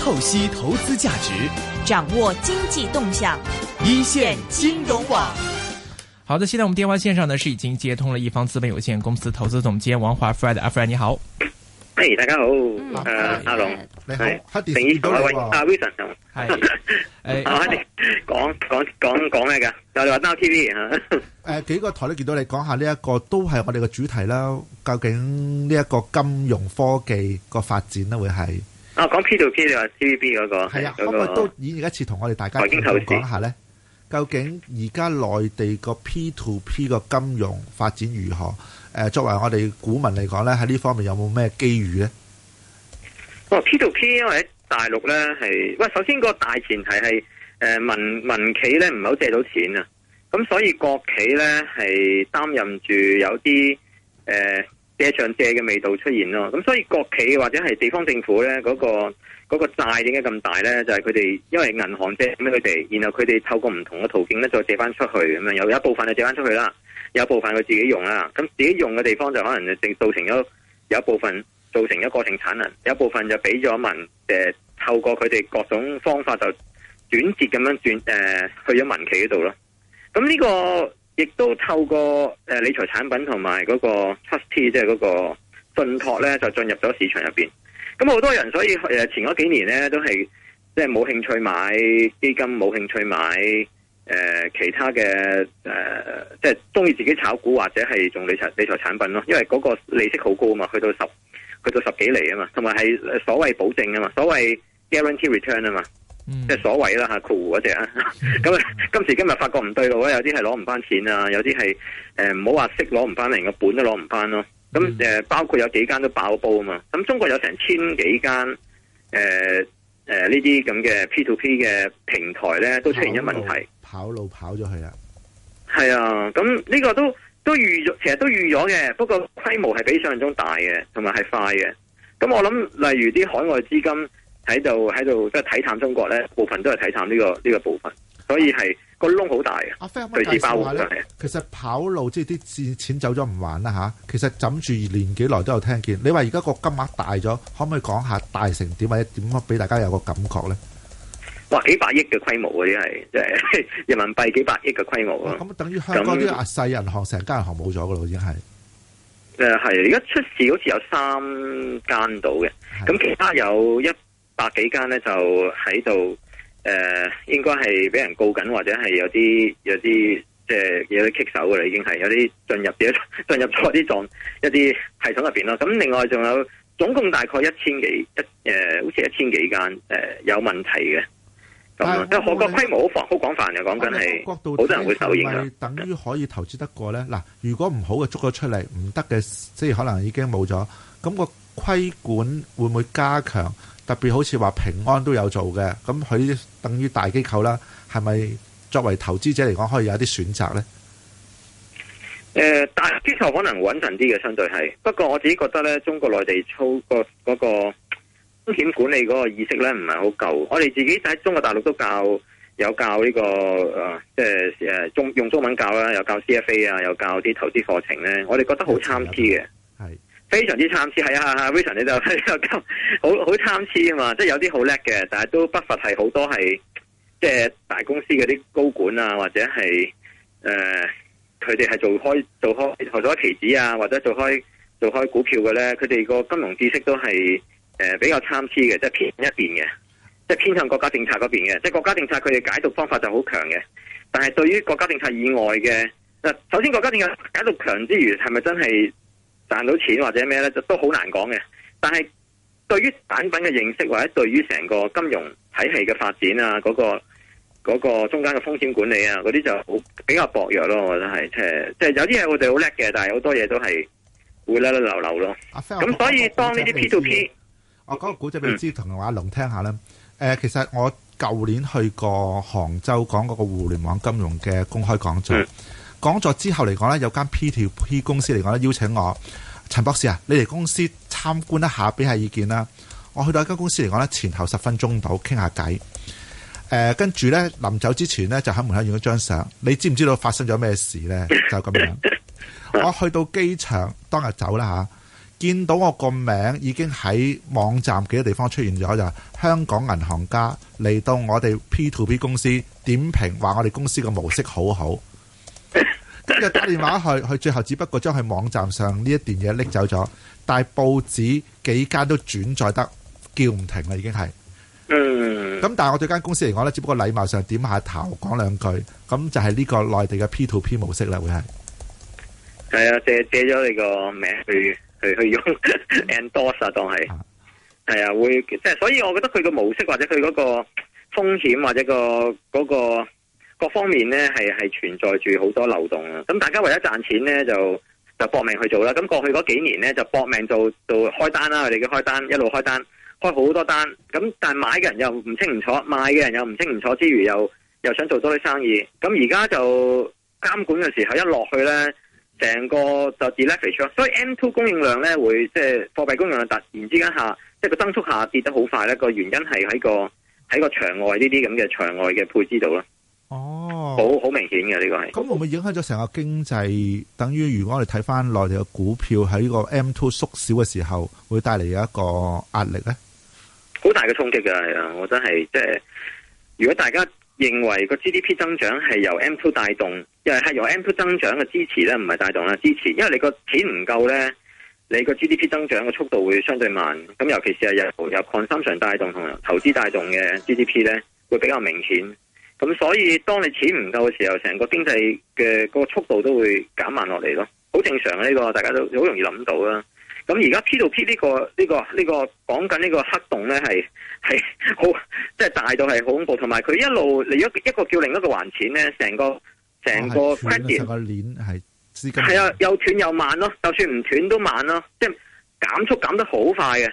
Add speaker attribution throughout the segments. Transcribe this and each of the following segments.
Speaker 1: 透析投資價值，掌握經濟動向，
Speaker 2: 一線金融網。
Speaker 1: 好的，現在我們電話線上呢是已經接通了一方資本有限公司投資總監王華 Fred 阿、hey, Fred 你好。
Speaker 2: Hey, 大家好。阿龍，你好。陳醫生，阿、hey. 威，阿威 Sir，係。Hey. 就是、TV, 啊，你講講講講咩噶？我哋話 Now TV
Speaker 3: 啊。誒，幾個台都見到你講、這個，講下呢一個都係我哋嘅主題啦。究竟呢一個金融科技個發展呢會係？
Speaker 2: 啊，講 P to P 你話 T V B 嗰、那個，係啊，那個、可唔可
Speaker 3: 以都演一次同我哋大家傾到講下咧？究竟而家內地個 P to P 個金融發展如何？呃、作為我哋股民嚟講咧，喺呢方面有冇咩機遇咧？
Speaker 2: 哦，P to P 因為喺大陸咧係，喂，首先個大前提係誒、呃、民民企咧唔係好借到錢啊，咁所以國企咧係擔任住有啲誒。呃借上借嘅味道出現咯，咁所以國企或者係地方政府呢，嗰個嗰個債點解咁大呢？就係佢哋因為銀行借俾佢哋，然後佢哋透過唔同嘅途徑呢，再借翻出去咁樣、嗯，有一部分就借翻出去啦，有一部分佢自己用啦，咁自己用嘅地方就可能就造成咗有一部分造成咗過剩產能，有一部分就俾咗民誒透過佢哋各種方法就轉折咁樣轉、呃、去咗民企嗰度咯，咁呢個。亦都透過誒理財產品同埋嗰個 trustee 即係嗰個信託咧，就進入咗市場入邊。咁好多人所以誒前嗰幾年咧都係即係冇興趣買基金，冇興趣買誒、呃、其他嘅誒，即係中意自己炒股或者係用理財理財產品咯，因為嗰個利息好高啊嘛，去到十去到十幾厘啊嘛，同埋係所謂保證啊嘛，所謂 guarantee return 啊嘛。即、嗯、係、就是、所謂啦吓，括弧嗰隻啊，咁啊，今時今日發覺唔對路啊，有啲係攞唔翻錢啊，有啲係誒唔好話識攞唔翻嚟，個、呃、本都攞唔翻咯。咁、嗯、誒、呃，包括有幾間都爆煲啊嘛。咁中國有成千幾間誒誒呢啲咁嘅 P to P 嘅平台咧，都出現咗問題，
Speaker 3: 跑路跑咗去了
Speaker 2: 是啊。係啊，咁呢個都都預咗，其實都預咗嘅，不過規模係比想象中大嘅，同埋係快嘅。咁我諗，例如啲海外資金。喺度喺度即係睇淡中國咧，部分都係睇淡呢個呢、這個部分，所以係個窿好大啊！類似爆咗。
Speaker 3: 其實跑路即係啲錢走咗唔還啦吓，其實枕住年幾耐都有聽見。你話而家個金額大咗，可唔可以講下大成點或者點樣俾大家有個感覺咧？
Speaker 2: 哇！幾百億嘅規模嗰啲係即係人民幣幾百億嘅規模咁、嗯、等於香港啲亞
Speaker 3: 細銀行成間、嗯、銀行冇咗噶啦已經係。
Speaker 2: 誒、嗯、係，而家出事好似有三間到嘅，咁其他有一百幾間咧，就喺度誒，應該係俾人告緊，或者係有啲有啲即係有啲棘手噶啦。已經係有啲進入啲進入咗啲狀一啲系統入邊咯。咁另外仲有總共大概一千幾一誒、呃，好似一千幾間誒有問題嘅。咁係我個規模好廣好廣泛嘅，講緊係好多人都會受影響。
Speaker 3: 等於可以投資得過咧？嗱，如果唔好嘅捉咗出嚟，唔得嘅，即係可能已經冇咗。咁、那個規管會唔會加強？特別好似話平安都有做嘅，咁佢等於大機構啦，係咪作為投資者嚟講可以有一啲選擇呢？誒、
Speaker 2: 呃，大機構可能穩陣啲嘅，相對係。不過我自己覺得呢，中國內地操、嗰個嗰、嗰個風險管理嗰個意識呢，唔係好夠。我哋自己喺中國大陸都教有教呢、呢個誒、呃，即係誒中用中文教啦，有教 CFA 啊，有教啲投資課程呢，我哋覺得好參差嘅。非常之參差，係啊，a r s o n 你就你就好好參差啊嘛！即係有啲好叻嘅，但係都不乏係好多係即係大公司嘅啲高管啊，或者係誒佢哋係做開做開投咗期指啊，或者做開做開股票嘅咧，佢哋個金融知識都係誒比較參差嘅，即係偏一邊嘅，即係偏向國家政策嗰邊嘅，即係國家政策佢哋解讀方法就好強嘅，但係對於國家政策以外嘅，嗱首先國家政策解讀強之餘，係咪真係？賺到錢或者咩咧，就都好難講嘅。但係對於產品嘅認識，或者對於成個金融體系嘅發展啊，嗰、嗰個嗰、嗰個中間嘅風險管理啊，嗰啲就好比較薄弱咯。我覺得係、即係，即係即係有啲嘢我哋好叻嘅，但係好多嘢都係會甩甩流流咯。阿 Fred，咁所以當呢啲 P to P，我講個
Speaker 3: 古仔俾你知。同、嗯、阿阿龍聽下啦。誒、呃，其實我舊年去過杭州講嗰個互聯網金融嘅公開講座，講、嗯、座之後嚟講咧，有間 P to P 公司嚟講咧邀請我。陳博士啊，你嚟公司參觀一下，俾下意見啦。我去到一間公司嚟講呢，前後十分鐘到傾下偈。誒、呃，跟住呢，臨走之前呢，就喺門口影咗張相。你知唔知道發生咗咩事呢？就咁樣。我去到機場當日走啦嚇、啊，見到我個名已經喺網站幾多地方出現咗，就是、香港銀行家嚟到我哋 P to P 公司點評，話我哋公司嘅模式好好。即 日 打電話去，佢最後只不過將佢網站上呢一段嘢拎走咗，但係報紙幾間都轉載得，叫唔停啦已經係。嗯。咁但係我對間公司嚟講咧，只不過禮貌上點下頭講兩句，咁就係呢個內地嘅 P to P 模式啦，會係。
Speaker 2: 係啊，借借咗你個名去去去用 endorse、嗯、啊，當係。係啊，會即係，所以我覺得佢個模式或者佢嗰個風險或者個、嗰、嗰個。嗰個各方面咧，係係存在住好多漏洞啊。咁大家為咗賺錢咧，就就搏命去做啦。咁過去嗰幾年咧，就搏命做做開單啦，我哋嘅開單一路開單，開好多單。咁但係買嘅人又唔清唔楚，賣嘅人又唔清唔楚之餘，之餘又又想做多啲生意。咁而家就監管嘅時候一落去咧，成個就 deleverage 咗，所以 M2 供應量咧，會即係貨幣供應量突然之間下，即係個增速下跌得好快咧。個原因係喺個喺個場外呢啲咁嘅場外嘅配資度啦。哦，好好明顯嘅呢個係，咁
Speaker 3: 會唔會影響咗成個經濟？等於如果我哋睇翻內地嘅股票喺呢個 M two 縮小嘅時候，會帶嚟一個壓力呢？
Speaker 2: 好大嘅衝擊嘅係啊！我真係即係，如果大家認為個 G D P 增長係由 M two 帶動，又係由 M two 增長嘅支持咧，唔係帶動啦，支持，因為你個錢唔夠呢，你個 G D P 增長嘅速度會相對慢。咁尤其是係由由抗三常帶動同投資帶動嘅 G D P 咧，會比較明顯。咁所以，當你錢唔夠嘅時候，成個經濟嘅個速度都會減慢落嚟咯，好正常啊、呢個呢個大家都好容易諗到啦。咁而家 P 到 P 呢個呢、呢個呢、呢個講緊呢個黑洞咧，係係好即係大到係好恐怖，同埋佢一路嚟一一個叫另一個還錢咧，成個成個 credit 成個鏈係，係啊又斷又慢咯，就算唔斷都慢咯，即係減速減得好快嘅。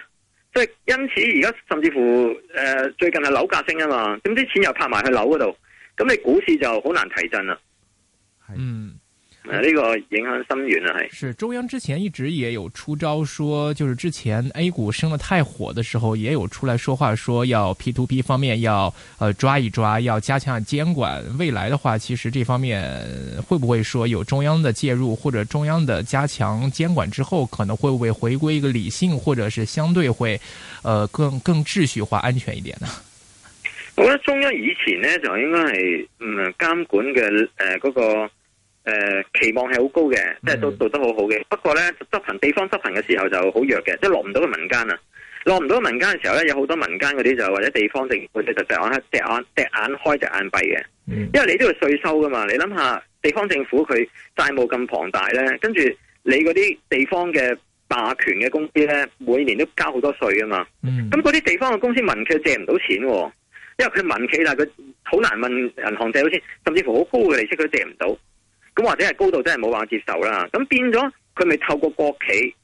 Speaker 2: 即係因此而家甚至乎誒、呃、最近係樓價升啊嘛，點知錢又拍埋去樓嗰度，咁你股市就好難提振啦。嗯。呢、這個影響深遠啊！係
Speaker 1: 是，是中央之前一直也有出招說，說就是之前 A 股升得太火的時候，也有出來說話，說要 P2P 方面要，呃抓一抓，要加強監管。未來的話，其實這方面會不會說有中央的介入，或者中央的加強監管之後，可能會不會回歸一個理性，或者是相對會，呃更更秩序化、安全一點呢？
Speaker 2: 我覺得中央以前呢，就應該係，嗯監管嘅誒嗰個。誒、呃，期望係好高嘅，即係都做得，mm-hmm. 好好嘅。不過咧，執行地方執行嘅時候就好弱嘅，即係落唔到個民間啊，落唔到個民間嘅時候咧，有好多民間嗰啲就或者地方政府就隻眼、隻眼、隻眼開、隻眼閉嘅，mm-hmm. 因為你都要稅收噶嘛。你諗下，地方政府佢債務咁龐大咧，跟住你嗰啲地方嘅霸權嘅公司咧，每年都交好多稅噶嘛。咁嗰啲地方嘅公司民企借唔到錢，啊，因為佢民企，但係佢好難問銀行借到錢，甚至乎好高嘅利息佢借唔到。咁或者係高度真係冇辦法接受啦，咁變咗佢咪透過國企、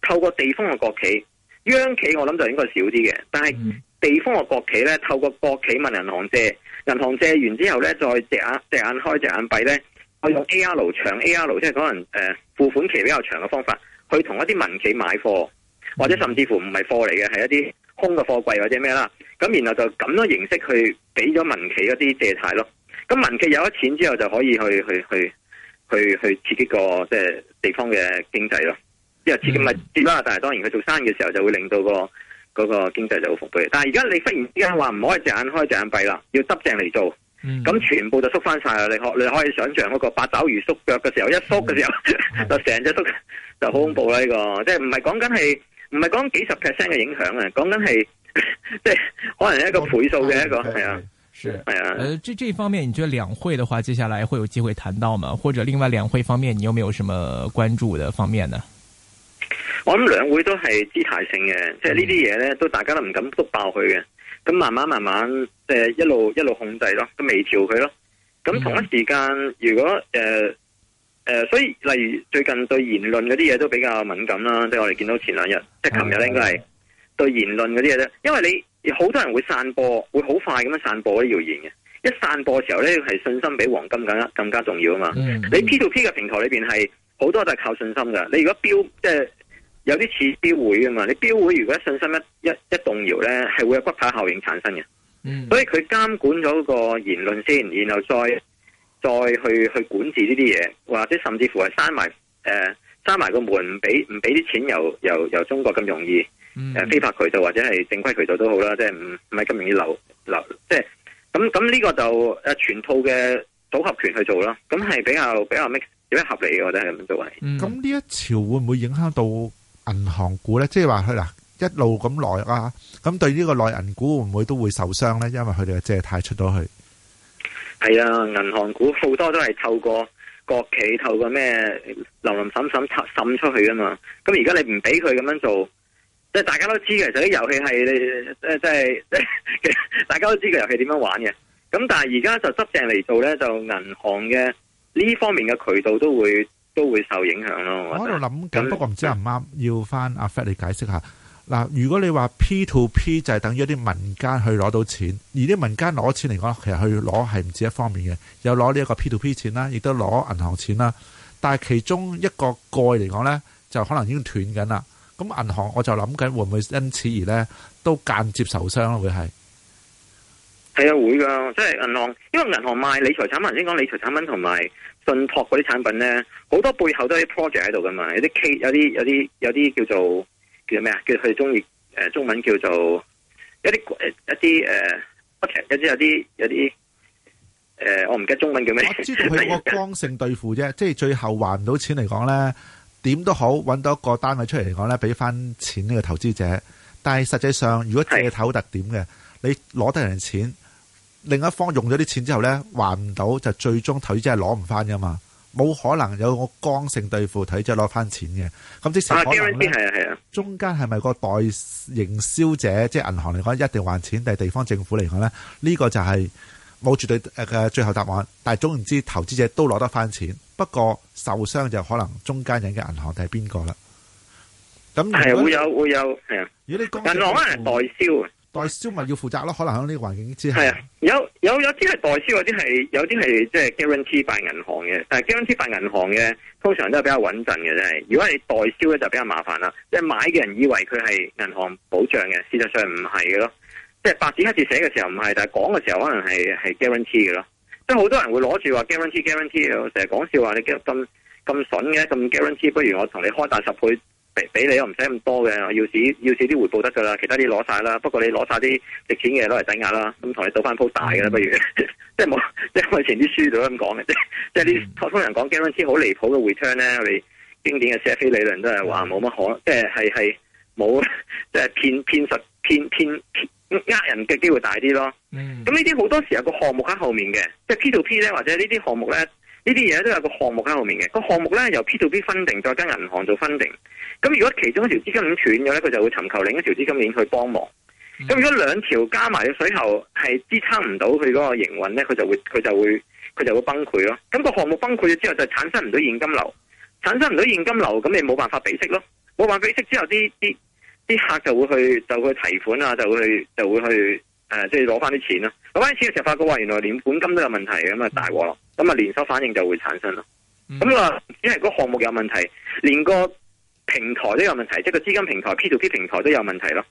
Speaker 2: 透過地方嘅國企、央企，我諗就應該少啲嘅。但係地方嘅國企咧，透過國企問銀行借，銀行借完之後咧，再隻眼隻眼開隻眼閉咧，去用 A R L 長 A R L，即係可能誒、呃、付款期比較長嘅方法，去同一啲民企買貨，或者甚至乎唔係貨嚟嘅，係一啲空嘅貨櫃或者咩啦。咁然後就咁樣形式去俾咗民企一啲借貸咯。咁民企有咗錢之後就可以去去去。去去去刺激個即係、就是、地方嘅經濟咯，因為刺激咪跌啦。但係當然佢做生意嘅時候就會令到、那個、那個經濟就好伏背。但係而家你忽然之間話唔可以隻眼開隻眼閉啦，要執正嚟做，咁、嗯、全部就縮翻晒啦。你可你可以想象嗰個八爪魚縮腳嘅時候，一縮嘅時候、嗯、 就成隻縮就好恐怖啦、這個。呢、嗯、個即係唔係講緊係唔係講幾十 percent 嘅影響啊，講緊係即係可能係一個倍數嘅一個係啊。嗯
Speaker 1: 是，誒、呃，這這方面，你覺得兩會嘅話，接下來會有機會談到嗎？或者另外兩會方面，你有冇有什麼關注嘅方面呢？
Speaker 2: 我諗兩會都係姿態性嘅、嗯，即係呢啲嘢咧，都大家都唔敢篤爆佢嘅，咁慢慢慢慢，誒、呃，一路一路控制咯，都微調佢咯。咁同一時間，嗯、如果誒誒、呃呃，所以例如最近對言論嗰啲嘢都比較敏感啦，即、就、係、是、我哋見到前兩日，即係琴日咧，應該係對言論嗰啲嘢啫，因為你。有好多人會散播，會好快咁樣散播啲謠言嘅。一散播嘅時候咧，係信心比黃金更加更加重要啊嘛。Mm-hmm. 你 P to P 嘅平台裏邊係好多都係靠信心噶。你如果標即係、呃、有啲似標會啊嘛，你標會如果信心一一一動搖咧，係會有骨牌效應產生嘅。Mm-hmm. 所以佢監管咗個言論先，然後再再去去管治呢啲嘢，或者甚至乎係閂埋誒閂埋個門，唔俾唔俾啲錢由由由中國咁容易。誒、嗯，非法渠道或者係正規渠道都好啦，即係唔唔係咁容易流流，即係咁咁呢個就誒全套嘅組合拳去做啦。咁係比較比較咩合、嗯、合理嘅，我覺得咁樣做係。
Speaker 3: 咁呢一潮會唔會影響到銀行股咧？即係話佢嗱一路咁耐啊，咁對呢個內銀股會唔會都會受傷咧？因為佢哋即係貸出咗去。
Speaker 2: 係啊，銀行股好多都係透過國企透過咩林林滲滲滲出去啊嘛。咁而家你唔俾佢咁樣做。即係大家都知嘅，其實啲遊戲係你，即係大家都知個遊戲點樣玩嘅。咁但係而家就執正嚟做咧，就銀行嘅呢方面嘅渠道都會都會受影響咯。我喺度諗緊，不
Speaker 3: 過唔知係唔啱，要翻阿 Fred 你解釋下嗱。如果你話 P2P 就係等於一啲民間去攞到錢，而啲民間攞錢嚟講，其實去攞係唔止一方面嘅，有攞呢一個 P2P 錢啦，亦都攞銀行錢啦。但係其中一個蓋嚟講咧，就可能已經斷緊啦。咁銀行我就諗緊會唔會因此而咧都間接受傷咯？會係
Speaker 2: 係啊，會噶，即係銀行，因為銀行賣理財產品，先講理財產品同埋信託嗰啲產品咧，好多背後都係 project 喺度噶嘛，有啲 K，有啲有啲有啲叫做叫做咩啊？叫佢哋中意誒，中文叫做有啲一啲誒有啲有啲有啲誒、呃，我唔記得中文叫咩？佢個
Speaker 3: 剛性兌付啫， 即係最後還唔到錢嚟講咧。點都好，揾到一個單位出嚟嚟講呢，俾翻錢呢個投資者。但係實際上，如果借頭特點嘅，你攞得人錢，另一方用咗啲錢之後呢，還唔到就最終投資者係攞唔翻噶嘛，冇可能有個剛性兌付，投資者攞翻錢嘅咁之前可能呢，啊 i 係係中間係咪個代營銷者即係銀行嚟講一定還錢，但地方政府嚟講呢，呢、呢個就係、是。冇絕對誒嘅最後答案，但係總言之，投資者都攞得翻錢。不過受傷就可能中間人嘅銀行定係邊
Speaker 2: 個啦？咁係會有會有係啊？如果你講銀行啊，代銷
Speaker 3: 啊，代銷咪要負責咯？可能喺呢個環境之下，係啊，
Speaker 2: 有有有啲係代銷，或係有啲係即係 guarantee 辦銀行嘅。但係 guarantee 辦銀行嘅通常都係比較穩陣嘅，啫。係。如果你代銷咧，就比較麻煩啦。即、就、係、是、買嘅人以為佢係銀行保障嘅，事實上唔係咯。即係白紙黑字寫嘅時候唔係，但係講嘅時候可能係係 guarantee 嘅咯。即係好多人會攞住話 guarantee guarantee 成日講笑話你咁咁筍嘅，咁 guarantee，不如我同你開大十倍俾俾你，我唔使咁多嘅，要少要少啲回報得噶啦。其他啲攞晒啦，不過你攞晒啲值錢嘅攞嚟抵押啦，咁同你倒翻鋪大嘅啦。不如，嗯、 即係冇即係以前啲書度咁講嘅，即係，嗯、 即係啲普通人講 guarantee 好離譜嘅 return 咧。我哋經典嘅 CFA 理論都係話冇乜可，即係係係冇，即係偏偏偏偏。偏偏偏偏偏呃人嘅機會大啲咯，咁呢啲好多時候有個項目喺後面嘅，即係 P2P 咧或者呢啲項目咧，呢啲嘢都有個項目喺後面嘅。個項目咧由 P2P 分定，再跟銀行做分定。咁如果其中一條資金鏈斷咗咧，佢就會尋求另一條資金鏈去幫忙。咁、mm. 如果兩條加埋嘅水喉係支撐唔到佢嗰個營運咧，佢就會佢就會佢就會崩潰咯。咁個項目崩潰咗之後，就產生唔到現金流，產生唔到現金流，咁你冇辦法俾息咯。冇辦法俾息之後，啲啲。啲客就會去，就會去提款啊，就會去就會去，誒、呃，即係攞翻啲錢咯、啊。攞翻錢嘅時候發覺話，原來連本金都有問題嘅，咁啊大鑊咯。咁啊連鎖反應就會產生咯。咁、嗯、啊，只係個項目有問題，連個平台都有問題，即係個資金平台 P2P 平台都有問題咯。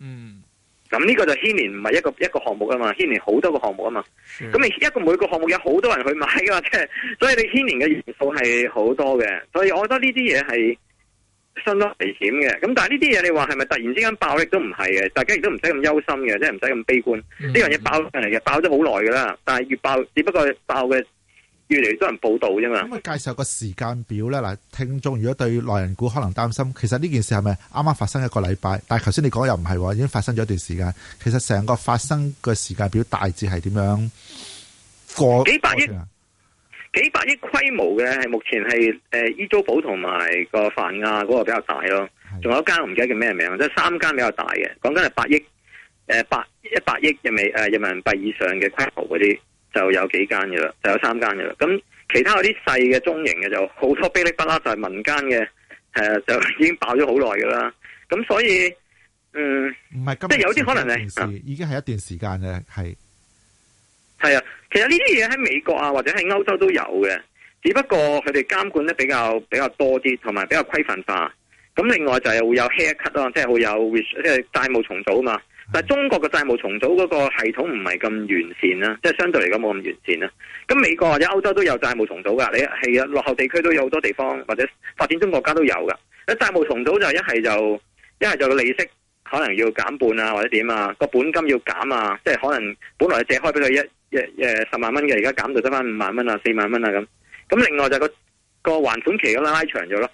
Speaker 2: 嗯，咁呢個就牽連唔係一個一個項目啊嘛，牽連好多個項目啊嘛。咁你一個每個項目有好多人去買㗎嘛、即係，所以你牽連嘅元素係好多嘅。所以我覺得呢啲嘢係相當危險嘅，咁但係呢啲嘢你話係咪突然之間爆力都唔係嘅，大家亦都唔使咁憂心嘅，即係唔使咁悲觀。呢樣嘢爆嚟嘅，爆咗好耐噶啦，但係越爆，只不過爆嘅越嚟越多人報道啫嘛。咁
Speaker 3: 啊，介紹個時間表咧，嗱，聽眾如果對內人股可能擔心，其實呢件事係咪啱啱發生一個禮拜？但係頭先你講又唔係，已經發生咗一段時間。其實成個發生嘅時間表大致係點樣過
Speaker 1: 過去啊？
Speaker 2: 幾百億規模嘅係目前係誒 e 租寶同埋個泛亞嗰個比較大咯，仲有一間我唔記得叫咩名，即係三間比較大嘅，講緊係百億誒、呃、百一百億人民幣誒人民幣以上嘅規模嗰啲就有幾間噶啦，就有三間噶啦。咁其他嗰啲細嘅中型嘅就好多嗶哩巴啦，就係民間嘅誒就已經爆咗好耐噶啦。咁所以嗯，即係有啲可能係已經
Speaker 3: 係一段時間嘅係。啊
Speaker 2: 係啊，其實呢啲嘢喺美國啊或者喺歐洲都有嘅，只不過佢哋監管得比較比較多啲，同埋比較規範化。咁另外就係會有 haircut 咯，即係會有即係債務重組啊嘛。但係中國嘅債務重組嗰個系統唔係咁完善啦，即係相對嚟講冇咁完善啦。咁美國或者歐洲都有債務重組噶，你係啊落後地區都有好多地方或者發展中國家都有噶。啲債務重組就一係就一係就個利息可能要減半啊，或者點啊，個本金要減啊，即係可能本來借開俾佢一。一誒十萬蚊嘅，而家減到得返五萬蚊啊，四萬蚊啊咁。咁另外就個個還款期咁拉長咗咯。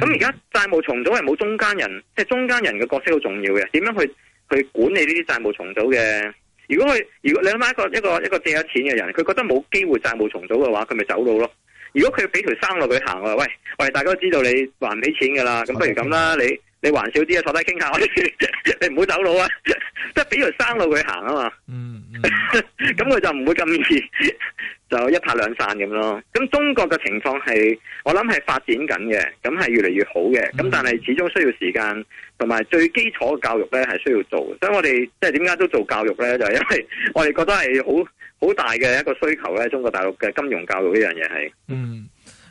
Speaker 2: 咁而家債務重組係冇中間人，即係中間人嘅角色好重要嘅。點樣去去管理呢啲債務重組嘅？如果佢如果你諗下一個一個一個借咗錢嘅人，佢覺得冇機會債務重組嘅話，佢咪走佬咯？如果佢俾條生路佢行啊，喂喂，我大家都知道你還唔起錢噶啦，咁不如咁啦你。你還少啲啊，坐低傾下，我哋唔好走佬啊，即係俾條生路佢行啊嘛。嗯，咁、嗯、佢 就唔會咁易就一拍兩散咁咯。咁中國嘅情況係，我諗係發展緊嘅，咁係越嚟越好嘅。咁、嗯、但係始終需要時間，同埋最基礎嘅教育咧係需要做。所以我哋即係點解都做教育咧，就係、是、因為我哋覺得係好好大嘅一個需求咧。中國大陸嘅金融教育呢樣嘢係。嗯。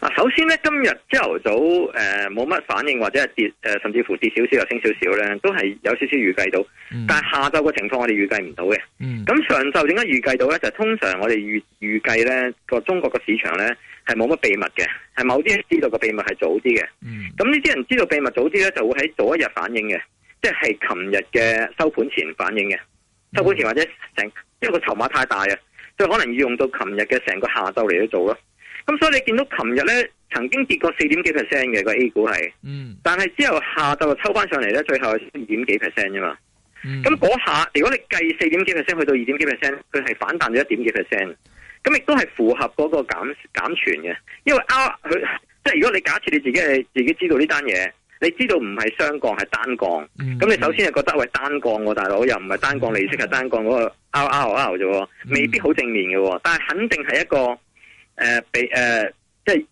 Speaker 2: 啊，首先咧，今日朝頭早誒，冇、呃、乜反應或者係跌誒、呃，甚至乎跌少少又升少少咧，都係有少少預計到。嗯、但係下晝個情況，我哋預計唔到嘅。咁上晝點解預計到咧？就通常我哋預預計咧個中國嘅市場咧係冇乜秘密嘅，係某啲人知道個秘密係早啲嘅。咁呢啲人知道秘密早啲咧，就會喺早一日反映嘅，即係琴日嘅收盤前反映嘅。收盤前或者成、嗯，因為個籌碼太大啊，所以可能要用到琴日嘅成個下晝嚟去做咯。咁所以你見到琴日咧，曾經跌過四點幾 percent 嘅個 A 股係、嗯，但係之後下晝抽翻上嚟咧，最後係二點幾 percent 啫嘛。咁嗰、嗯、下如果你計四點幾 percent 去到二點幾 percent，佢係反彈咗一點幾 percent。咁亦都係符合嗰個減減存嘅，因為 R 佢即係如果你假設你自己係自己知道呢單嘢，你知道唔係雙降係單降，咁、嗯、你首先係覺得喂單降喎、啊，大佬又唔係單降利息係、嗯、單降嗰個 RRR 啫，未必好正面嘅、啊，但係肯定係一個。誒、呃，被誒、呃，即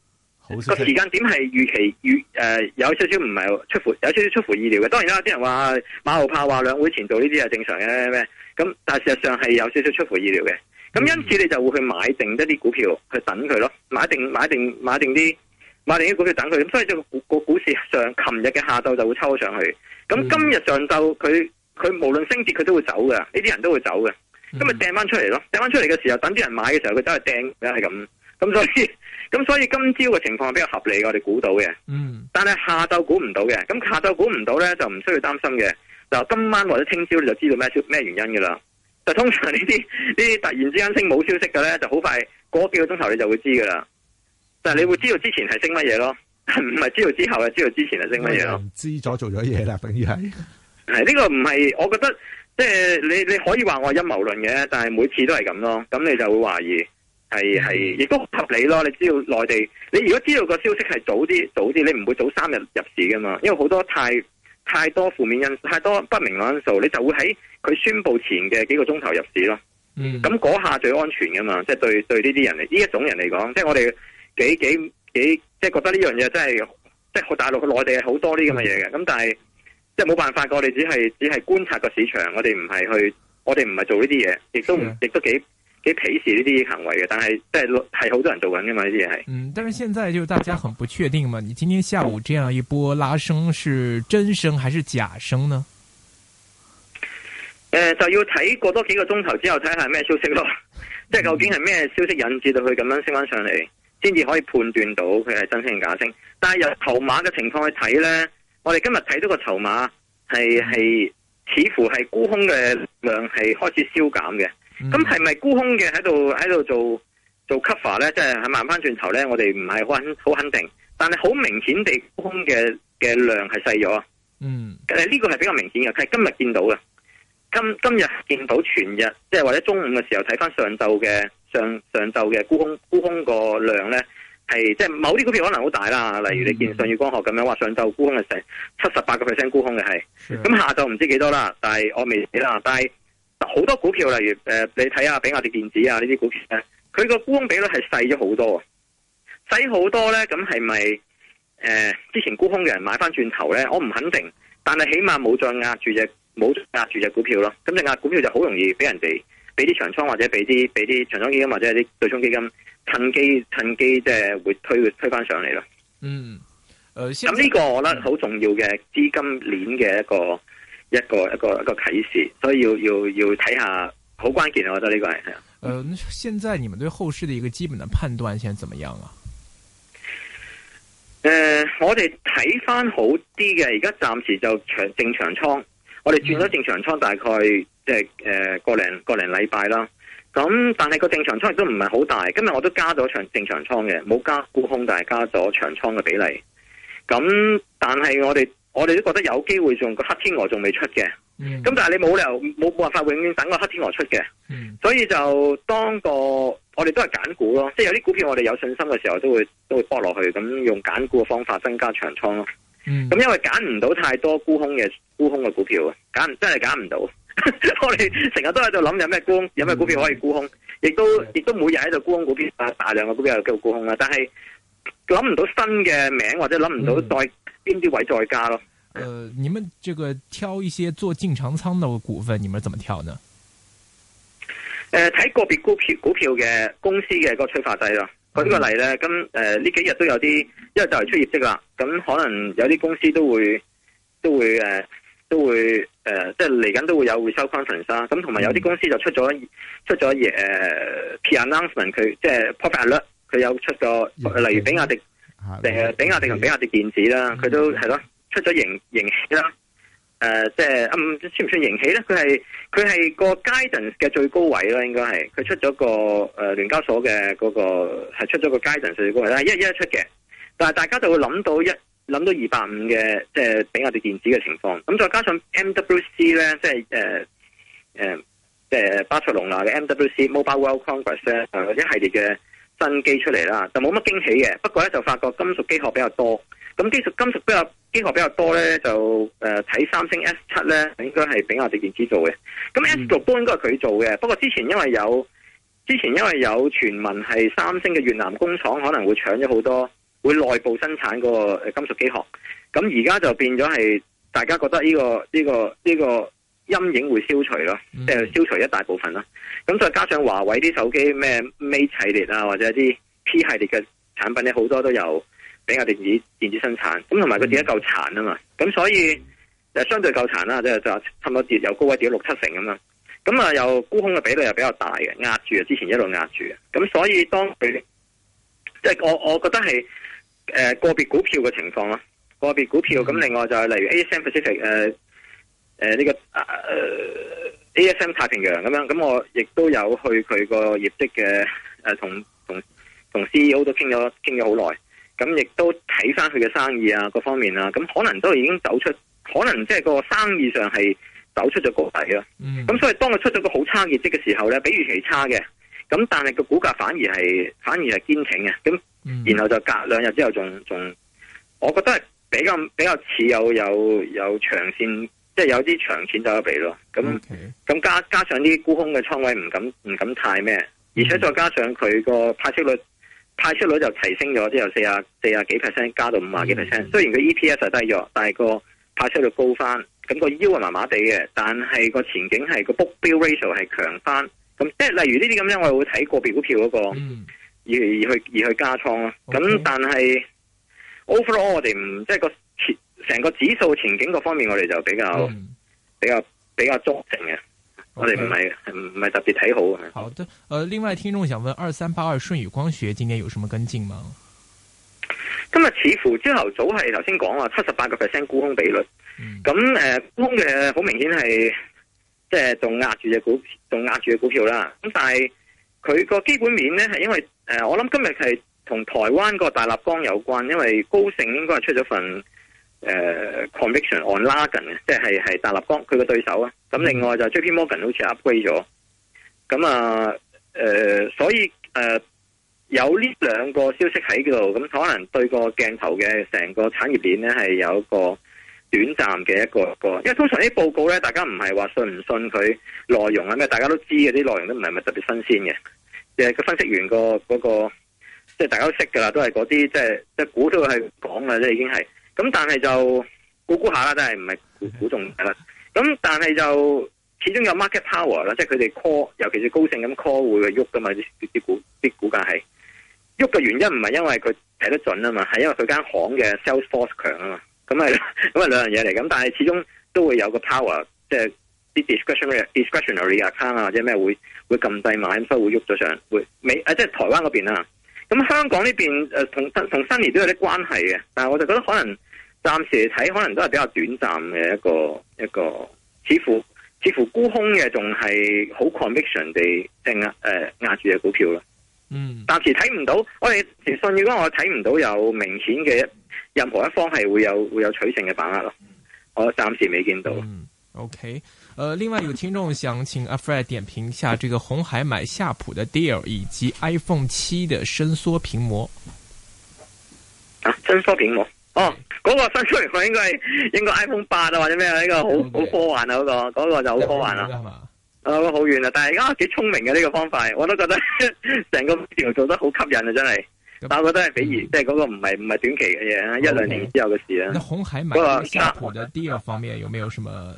Speaker 2: 係個時間點係預期預誒、呃，有少少唔係出乎有少少出乎意料嘅。當然啦，有啲人話馬後炮話兩會前度呢啲係正常嘅咩，咁，但係事實上係有少少出乎意料嘅。咁因此你就會去買定一啲股票去等佢咯，買定買定買定啲買定啲股票等佢。咁所以個個股市上琴日嘅下晝就會抽上去。咁、嗯、今日上晝佢佢無論升跌佢都會走嘅，呢啲人都會走嘅。咁咪掟翻出嚟咯，掟翻出嚟嘅時候，等啲人買嘅時候，佢都係掟，係、就、咁、是。咁所以，咁所以今朝嘅情況係比較合理，我哋估到嘅。嗯。但係下晝估唔到嘅，咁下晝估唔到咧，就唔需要擔心嘅。嗱，今晚或者聽朝你就知道咩咩原因嘅啦。就通常呢啲呢啲突然之間升冇消息嘅咧，就好快過幾個鐘頭你就會知噶啦。但係你會知道之前係升乜嘢咯，唔係知道之後，係知道之前係升乜嘢咯。
Speaker 3: 知咗做咗嘢啦，等於係。
Speaker 2: 係 呢個唔係，我覺得即係你你可以話我係陰謀論嘅，但係每次都係咁咯，咁你就會懷疑。係係，亦都合理咯。你知道內地，你如果知道個消息係早啲，早啲，你唔會早三日入市噶嘛。因為好多太太多負面因素，太多不明朗嘅因素，你就會喺佢宣布前嘅幾個鐘頭入市咯。咁嗰下最安全噶嘛。即係對對呢啲人嚟，呢一種人嚟講，即係我哋幾幾幾，即係覺得呢樣嘢真係，即係大陸內地好多呢咁嘅嘢嘅。咁但係即係冇辦法過，我哋只係只係觀察個市場，我哋唔係去，我哋唔係做呢啲嘢，亦都亦都幾。幾鄙視呢啲行為嘅，但係即係係好多人做緊嘅嘛，呢啲嘢係。嗯，
Speaker 1: 但是現在就大家很不確定嘛，你今天下午這樣一波拉升是真升還是假升呢？
Speaker 2: 誒、呃，就要睇過多幾個鐘頭之後睇下咩消息咯、嗯，即係究竟係咩消息引致到佢咁樣升翻上嚟，先至可以判斷到佢係真升定假升。但係由籌碼嘅情況去睇咧，我哋今日睇到個籌碼係係、嗯、似乎係沽空嘅量係開始消減嘅。咁係咪沽空嘅喺度喺度做做 cover 咧？即係慢慢翻轉頭咧，我哋唔係好好肯定，但係好明顯地沽空嘅嘅量係細咗啊！嗯，誒呢個係比較明顯嘅，係今日見到嘅。今今日見到全日，即係或者中午嘅時候睇翻上晝嘅上上晝嘅沽空沽空個量咧，係即係某啲股票可能好大啦。例如你見舜宇光學咁樣話，上晝沽空嘅成七十八個 percent 沽空嘅係，咁下晝唔知幾多啦，但係我未啦，但係。好多股票，例如誒、呃，你睇下比亞迪電子啊呢啲股票咧，佢個沽空比率係細咗好多啊，細好多咧，咁係咪誒之前沽空嘅人買翻轉頭咧？我唔肯定，但係起碼冇再壓住隻冇壓住隻股票咯。咁你壓股票就好容易俾人哋俾啲長倉或者俾啲俾啲長倉基金或者啲對沖基金趁機趁機即係會推推翻上嚟咯。嗯，咁、呃、呢個我覺得好重要嘅資金鏈嘅一個。一個一個一個啟示，所以要要要睇下，好關鍵、啊、我覺得呢個係。誒、
Speaker 1: 呃嗯，現在你們對後市嘅一個基本嘅判斷，現
Speaker 2: 在怎麼樣啊？誒、呃，我哋睇返好啲嘅，而家暫時就長正常倉，我哋轉咗正常倉，大概即係誒個零個零禮拜啦。咁但係個正常倉亦都唔係好大，今日我都加咗長正常倉嘅，冇加沽空，但係加咗長倉嘅比例。咁但係我哋。我哋都覺得有機會還，仲個黑天鵝仲未出嘅。咁、嗯、但係你冇理由冇冇辦法永遠等個黑天鵝出嘅、嗯。所以就當個我哋都係揀股咯，即係有啲股票我哋有信心嘅時候都，都會都會搏落去，咁用揀股嘅方法增加長倉咯。咁、嗯嗯、因為揀唔到太多沽空嘅沽空嘅股票啊，揀真係揀唔到。 我哋成日都喺度諗有咩沽空有咩股票可以沽空，亦都亦都每日喺度沽空股票，大量嘅股票又繼續沽空啦。但係諗唔到新嘅名，或者諗唔到代。嗯邊啲位再加咯？
Speaker 1: 誒、呃，你們這個挑一些做淨長倉的股份，你們怎麼挑呢？誒、
Speaker 2: 呃，睇個別股票股票嘅公司嘅嗰個催化劑咯。舉、嗯個個例咧，咁誒呢幾日都有啲，因為就係出業績啦。咁可能有啲公司都會都會誒、呃、都會誒、呃，即係嚟緊都會有會收 conference 咁同埋有啲公司就出咗、嗯、出咗嘢誒、呃、p announcement 佢即係 profit 佢有出咗、嗯，例如比亞迪。定係比亞迪同比亞迪電子啦，佢都係咯，出咗盈盈喜啦。誒，即係咁，算唔算盈喜咧？佢係佢係個 guidance 嘅最高位啦，應該係佢出咗個誒聯、呃、交所嘅嗰，那個係出咗個 guidance 最高位啦，一一日出嘅。但係大家就會諗到一諗到二百五嘅，即係比亞迪電子嘅情況。咁再加上 MWC 咧，即係誒誒，即、呃、係、呃就是、巴塞隆拿嘅 MWC Mobile World Congress 誒、呃，一系列嘅。新機出嚟啦，就冇乜驚喜嘅。不過咧就發覺金屬機殼比較多。咁金屬金屬比較機殼比較多咧，就誒睇、呃、三星 S 七咧，應該係比亞迪電子做嘅。咁 S 六應該係佢做嘅、嗯。不過之前因為有之前因為有傳聞係三星嘅越南工廠可能會搶咗好多，會內部生產個金屬機殼。咁而家就變咗係大家覺得呢個呢個呢個。呢個呢個陰影會消除咯，即係消除一大部分啦。咁再加上華為啲手機咩 Mate 系列啊，或者啲 P 系列嘅產品咧，好多都有比亞迪電子電子生產。咁同埋佢跌得夠殘啊嘛，咁所以誒相對夠殘啦，即係就差唔多跌又高位跌咗六七成咁樣。咁啊，又沽空嘅比率又比較大嘅，壓住啊，之前一路壓住。咁所以當佢即係我我覺得係誒個別股票嘅情況咯，個別股票。咁另外就係例如 ASM Pacific 誒、呃、呢、這個誒、呃、，ASM 太平洋咁樣，咁我亦都有去佢個業績嘅誒、呃，同同同 CEO 都傾咗傾咗好耐，咁亦都睇翻佢嘅生意啊，各方面啊，咁可能都已經走出，可能即係個生意上係走出咗個底咯。咁、嗯、所以當佢出咗個好差業績嘅時候咧，比預期差嘅，咁但係個股價反而係反而係堅挺嘅，咁、嗯、然後就隔兩日之後仲仲，我覺得係比較比較似有有有長線。即係有啲長錢就有俾咯，咁咁、okay. 加加上啲沽空嘅倉位唔敢唔敢太咩，mm. 而且再加上佢個派息率派息率就提升咗，即係由四廿四廿幾 percent 加到五廿幾 percent。Mm. 雖然佢 E P S 係低咗，但係個派息率高翻，咁、那個腰啊麻麻地嘅，但係個前景係個 book bill ratio 係強翻。咁即係例如呢啲咁樣，我哋會睇個別股票嗰、那個，而、mm. 而去而去加倉咯。咁、okay. 但係 overall 我哋唔即係個前。成個指數前景嗰方面，我哋就比較、嗯、比較比較中性嘅，okay. 我哋唔係唔係特別睇好嘅。好
Speaker 1: 的、呃，另外聽眾想問，二三八二舜宇光學今年有什麼跟進嗎？
Speaker 2: 今日似乎朝頭早係頭先講話七十八個 percent 沽空比率，咁、嗯、誒，沽、呃、空嘅好明顯係即係仲壓住隻股，仲壓住嘅股票啦。咁但係佢個基本面呢，係因為誒、呃，我諗今日係同台灣個大立光有關，因為高盛應該係出咗份。誒、uh，conviction on Largan 即係係大立光佢個對手啊。咁另外就 JP Morgan 好似 upgrade 咗。咁啊，誒、呃，所以誒、呃、有呢兩個消息喺度，咁可能對個鏡頭嘅成個產業鏈咧係有一個短暫嘅一個一個，因為通常啲報告咧，大家唔係話信唔信佢內容啊咩，大家都知嘅啲內容都唔係咪特別新鮮嘅。誒，佢分析員、嗰個嗰、嗰個，即係大家都識噶啦，都係嗰啲即係即係估到佢係講啦，即係已經係。咁、嗯、但係就估估下啦，真係唔係估估中啦。咁、嗯、但係就始終有 market power 啦，即係佢哋 call，尤其是高盛咁 call 會去喐噶嘛。啲啲股啲股價係喐嘅原因唔係因為佢睇得準啊嘛，係因為佢間行嘅 sales force 強啊嘛。咁係咁係兩樣嘢嚟。咁但係始終都會有個 power，即係啲 discretionary discretionary account 啊或者咩會會禁低買嘛，咁所以會喐咗上。會美啊即係台灣嗰邊啊。咁香港呢邊誒同新同新年都有啲關係嘅，但係我就覺得可能暫時睇，可能都係比較短暫嘅一個一個似乎似乎沽空嘅，仲係好 conviction 地正誒壓住嘅股票啦。嗯，暫時睇唔到。我哋陳信如果我睇唔到有明顯嘅任何一方係會有會有取勝嘅把握咯，我暫時未見到。嗯，OK。
Speaker 1: 呃、另外有聽眾想請阿 Fred 點評下這個紅海買夏普的 deal 以及 iPhone 七的伸縮屏幕
Speaker 2: 啊，伸縮屏幕哦，嗰、那個伸縮屏幕應該係應該 iPhone 八啊或者咩呢、這個好好科幻啊嗰、那個嗰、那個就好科幻啦啊，好、嗯那個呃、遠啦、啊，但係而家幾聰明嘅呢、這個方法，我都覺得成個條做得好吸引啊真係，但我覺得係比喻、嗯，即係嗰個唔係唔係短期嘅嘢，一兩年之後嘅事啦、啊。紅海買夏
Speaker 1: 普的 deal 方、那、面、個、有沒有什麼？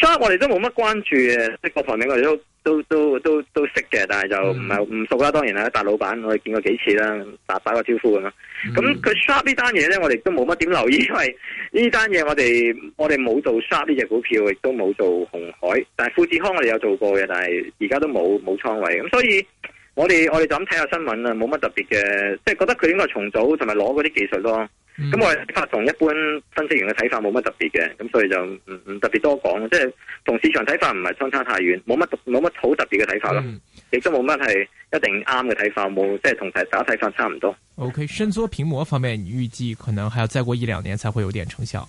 Speaker 2: Sharp 我哋都冇乜關注嘅，即係各方面我哋都都都都都識嘅，但係就唔係唔熟啦。當然啦，大老闆我哋見過幾次啦，打打過招呼啦。咁、mm. 佢 Sharp 呢單嘢咧，我哋都冇乜點留意，因為呢單嘢我哋我哋冇做 Sharp 呢隻股票，亦都冇做紅海。但係富士康我哋有做過嘅，但係而家都冇冇倉位。咁所以我哋我哋就咁睇下新聞啦，冇乜特別嘅，即係覺得佢應該重組同埋攞嗰啲技術咯。咁、嗯、我發法同一般分析員嘅睇法冇乜特別嘅，咁所以就唔唔特別多講，即係同市場睇法唔係相差太遠，冇乜冇乜好特別嘅睇法咯，亦都冇乜係一定啱嘅睇法，冇即係同大家睇法差唔多。
Speaker 1: O、okay, K，伸縮屏幕方面，你預計可能還要再過一兩年才會有點成效。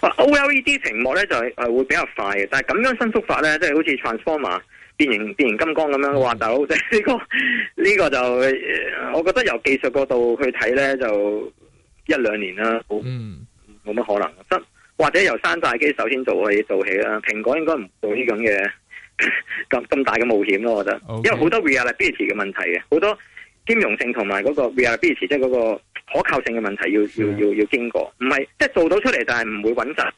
Speaker 2: o L E D 屏幕咧就是、會比較快嘅，但係咁樣伸縮法咧即係好似 transformer 變形變形金剛咁樣嘅話大佬，即係呢個呢、呢個就我覺得由技術角度去睇咧就。一兩年啦、啊，冇冇乜可能。得或者由山寨機首先做起做起啦。蘋果應該唔做呢種嘅咁咁大嘅冒險咯、啊。我覺得，okay. 因為好多 reality 嘅問題嘅，好多兼容性同埋嗰個 reality 即係嗰個可靠性嘅問題要、yeah. 要要要經過。唔係即係做到出嚟，但係唔會穩陣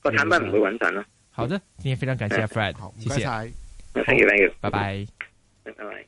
Speaker 2: 個產品唔會穩陣咯。
Speaker 1: 好的，今天非常感謝 Fred，thank you，thank you，拜拜。
Speaker 2: 拜拜。